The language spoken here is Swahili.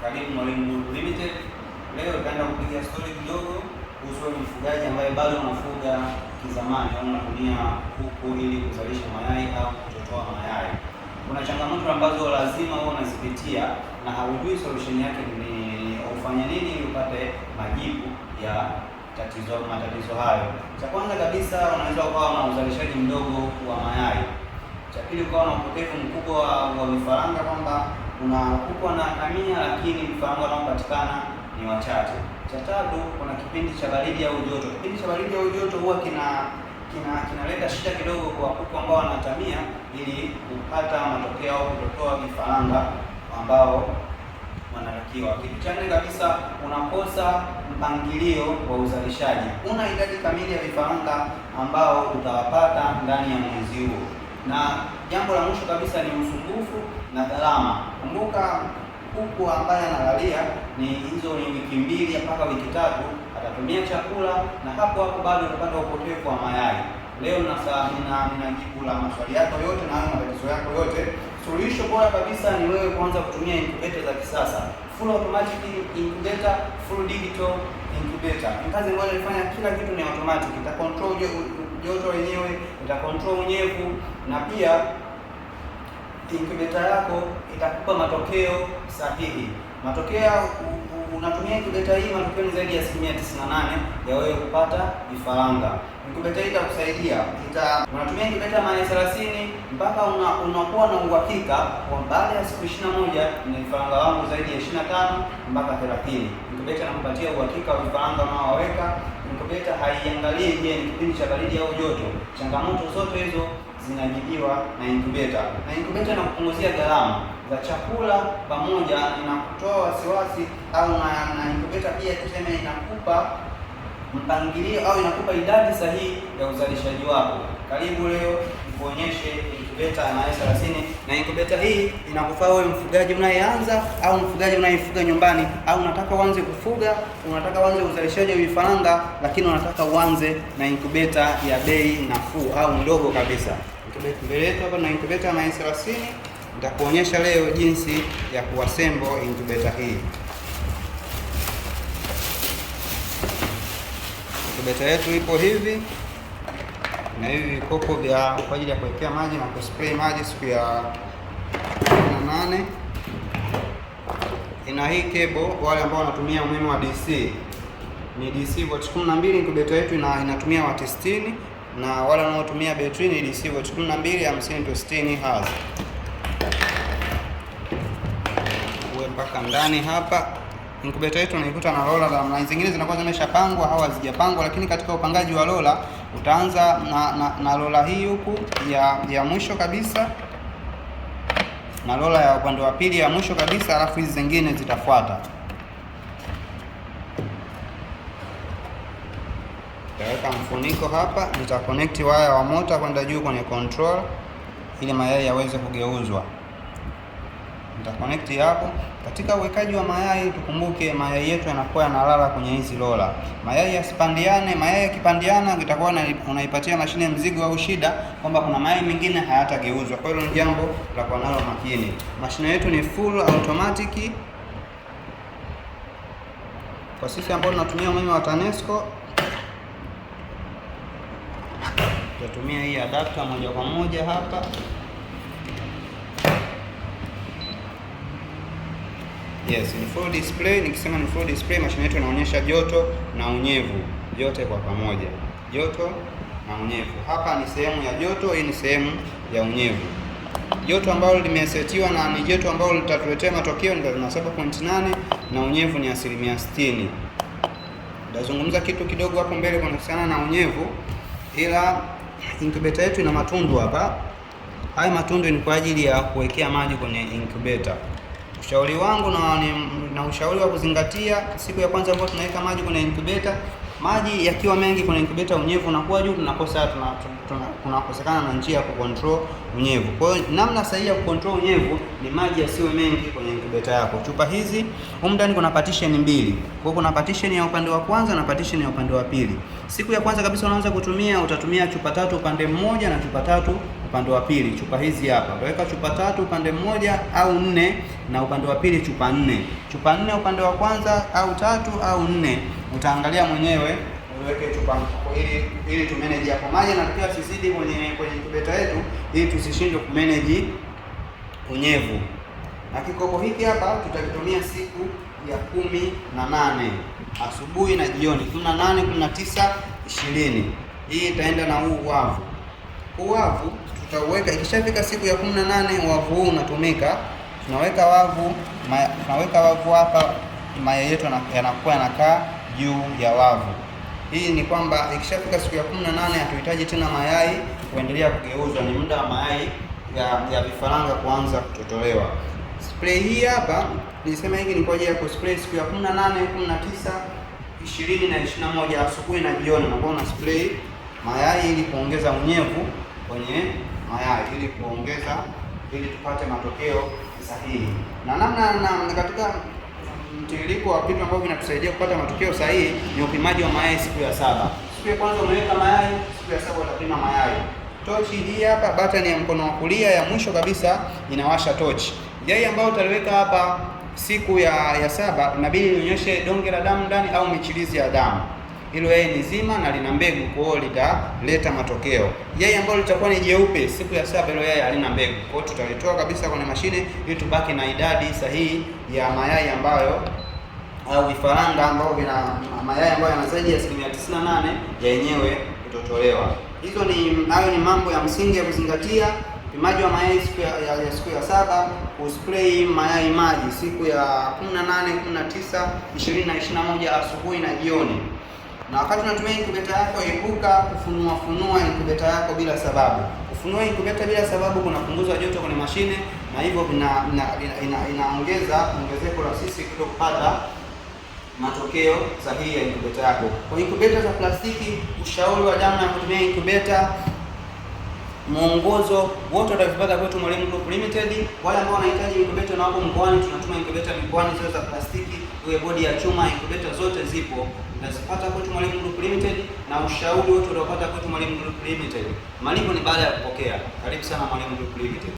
Karibu Mwalimu Limited. Leo itaenda kupiga stori kidogo kuhusu mfugaji ambaye bado unafuga kizamani au anatumia kuku ili kuzalisha mayai au kutotoa mayai. Kuna changamoto ambazo lazima wewe unazipitia na haujui solution yake ni ufanye nini ili upate majibu ya tatizo matatizo hayo. Cha kwanza kabisa, unaweza ukawa na uzalishaji mdogo wa mayai. Cha pili, ukawa na upotevu mkubwa wa vifaranga kwamba unakupwa na amina, lakini mfahamu wanaopatikana ni wachache. Cha tatu, kuna kipindi cha baridi au joto. Kipindi cha baridi au joto huwa kina kina kinaleta shida kidogo kwa kuku ambao wanatamia ili kupata matokeo au kutotoa vifaranga ambao wanatakiwa. Kitu cha nne kabisa, unakosa mpangilio wa uzalishaji. Una idadi kamili ya vifaranga ambao utawapata ndani ya mwezi huo na jambo la mwisho kabisa ni usumbufu na gharama. Kumbuka kuku ambaye analalia ni hizo ni wiki mbili mpaka wiki tatu atatumia chakula, na hapo hapo bado utapata upotevu wa mayai. Leo nina jibu la maswali yako yote na matatizo yako yote. Suluhisho bora kabisa ni wewe kuanza kutumia incubator za kisasa, full automatic incubator, full digital incubator. Kazi ambayo inafanya kila kitu ni automatic, ita control joto wenyewe, ita control unyevu na pia incubator yako itakupa matokeo sahihi. Matokeo unatumia incubator hii, matokeo ni zaidi ya asilimia 98 ya wewe kupata vifaranga. Incubator hii itakusaidia ita, unatumia incubator mara 30 mpaka unakuwa una na uhakika kwa baada ya siku 21 na vifaranga wangu zaidi ya 25 mpaka 30. Incubator inakupatia uhakika wa vifaranga unaowaweka Inkubeta haiangalii je, ni kipindi cha baridi au joto. Changamoto zote hizo zinajibiwa na inkubeta, na inkubeta inakupunguzia gharama za chakula pamoja inakutoa wasiwasi au na, na inkubeta pia tuseme inakupa mpangilio au inakupa idadi sahihi ya uzalishaji wako. Karibu leo nikuonyeshe incubator ya mayai thelathini, na incubator hii inakufaa wewe mfugaji unayeanza au mfugaji unayefuga nyumbani, au unataka uanze kufuga, unataka uanze uzalishaji wa vifaranga, lakini unataka uanze na incubator ya bei nafuu au ndogo kabisa. Mbele yetu hapa na incubator ya mayai thelathini, nitakuonyesha leo jinsi ya kuassemble incubator hii. Incubator yetu ipo hivi na hivi vikopo vya kwa ajili ya kuwekea maji na kuspray maji siku ya nane Ina hii cable, wale ambao wanatumia umeme wa DC ni DC volt 12. Incubator yetu ina, inatumia wa 60 na wale wanaotumia betri ni DC volt 12 50 to 60 Hz. Uwe mpaka ndani hapa. Incubator yetu unaikuta na lola za mline, zingine zinakuwa zimeshapangwa au hazijapangwa, lakini katika upangaji wa lola utaanza na, na, na roller hii huku ya, ya mwisho kabisa na lola ya upande wa pili ya mwisho kabisa, alafu hizi zingine zitafuata. Taweka mfuniko hapa, nita connect waya wa mota kwenda juu kwenye control ili mayai yaweze kugeuzwa nitaconnect hapo. Katika uwekaji wa mayai, tukumbuke mayai yetu yanakuwa yanalala kwenye hizi lola. Mayai yasipandiane. Mayai yakipandiana, itakuwa unaipatia mashine mzigo au shida kwamba kuna mayai mengine hayatageuzwa. Kwa hiyo ni jambo la kuwa nalo makini. Mashine yetu ni full automatic. Kwa sisi ambao tunatumia umeme wa TANESCO tutatumia hii adapter moja kwa moja hapa. Yes, ni full display. Nikisema ni full display, mashine yetu inaonyesha joto na unyevu yote kwa pamoja, joto na unyevu. Hapa ni sehemu ya joto, hii ni sehemu ya unyevu. Joto ambalo limesetiwa na ni joto ambalo litatuletea matokeo ni 37.8 na unyevu ni asilimia 60. Nitazungumza kitu kidogo hapo mbele kwa kuhusiana na unyevu, ila incubator yetu ina matundu hapa. Haya matundu ni kwa ajili ya kuwekea maji kwenye incubator. Ushauri wangu na, na ushauri wa kuzingatia, siku ya kwanza ambayo tunaweka maji kwenye incubator, maji yakiwa mengi kwenye incubator, unyevu unakuwa juu, tunakosa tunakosekana na njia ya kucontrol unyevu. Kwa hiyo namna sahihi ya kucontrol unyevu ni maji yasiwe mengi kwenye incubator yako. Chupa hizi humu ndani kuna partition mbili, kwa hiyo kuna partition ya upande wa kwanza na partition ya upande wa pili. Siku ya kwanza kabisa unaanza kutumia, utatumia chupa tatu upande mmoja na chupa tatu upande wa pili chupa hizi hapa, utaweka chupa tatu upande mmoja au nne, na upande wa pili chupa nne, chupa nne upande wa kwanza au tatu au nne, utaangalia mwenyewe uweke chupa ili ili tu manage hapo maji, na pia tusizidi kwenye kwenye kibeta yetu, ili tusishindwe ku manage unyevu. Na kikopo hiki hapa tutakitumia siku ya kumi na nane asubuhi na jioni, kumi na nane, kumi na tisa, ishirini. Hii itaenda na huu wavu, huu wavu tutauweka. Ikishafika siku ya kumi na nane wavu huu unatumika, tunaweka wavu maya, tunaweka wavu hapa, mayai yetu yanakuwa yanakaa juu ya wavu. Hii ni kwamba ikishafika siku ya kumi na nane hatuhitaji tena mayai kuendelea kugeuzwa, ni muda wa mayai ya, ya vifaranga kuanza kutotolewa. Spray hii hapa nilisema hiki ni kwa ajili ya kuspray siku ya 18, 19, 20 na 21 asubuhi na jioni, na kwa una spray mayai ili kuongeza unyevu kwenye mayai ili kuongeza, ili tupate matokeo sahihi. Na namna na katika mtiririko wa vitu ambavyo vinatusaidia kupata matokeo sahihi ni upimaji wa mayai siku ya saba. Siku ya kwanza unaweka mayai, siku ya saba utapima mayai. Tochi hii hapa, batani ya mkono wa kulia ya mwisho kabisa inawasha tochi. Yai ambayo utaliweka hapa siku ya, ya saba inabidi nionyeshe donge la damu ndani au michirizi ya damu hilo yai ni zima na lina mbegu, kwa hiyo litaleta matokeo. Yai ambalo litakuwa ni jeupe siku ya saba, hilo yai halina mbegu, kwa hiyo tutalitoa kabisa kwenye mashine ili tubaki na idadi sahihi ya mayai ambayo au vifaranga ambao vina mayai ambayo yana zaidi ya asilimia 98 ya yenyewe kutotolewa. Hizo ni hayo ni mambo ya msingi ya kuzingatia. Upimaji wa mayai siku ya, ya, siku ya saba, kuspray mayai maji siku ya 18, 19, 20 na 21 asubuhi na jioni. Na wakati unatumia incubator yako, epuka kufunua funua incubator yako bila sababu. Kufunua incubator bila sababu kunapunguza joto kwenye mashine na hivyo inaongeza ongezeko la sisi kutopata matokeo sahihi ya incubator yako. Kwa incubator za plastiki, ushauri wa namna ya kutumia incubator mwongozo wote utavipata kwetu Mwalimu Group Limited. Wale ambao wanahitaji incubator na wako mkoani, tunatuma incubator mikoani, zile za plastiki iwe bodi ya chuma, incubator zote zipo, utazipata kwetu Mwalimu Group Limited, na ushauri wote utapata kwetu Mwalimu Group Limited. Malipo ni baada ya kupokea. Karibu sana Mwalimu Group Limited.